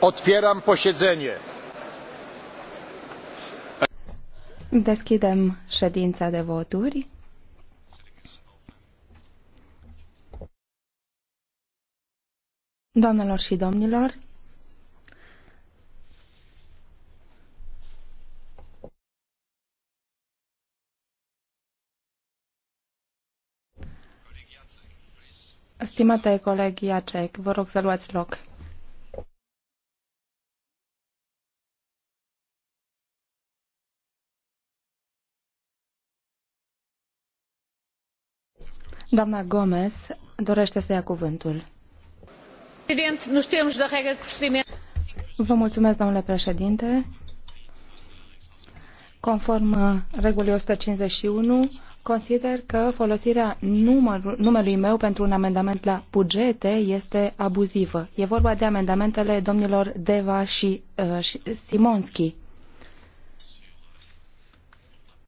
Otwieram posiedzenie. Deschidem ședința de voturi. Doamnelor și domnilor, Stimate coleg Iacek, vă rog să luați loc. Doamna Gomez dorește să ia cuvântul. de Vă mulțumesc, domnule președinte. Conform uh, regulii 151, Consider că folosirea numărul, numelui meu pentru un amendament la bugete este abuzivă. E vorba de amendamentele domnilor Deva și, uh, Simonski.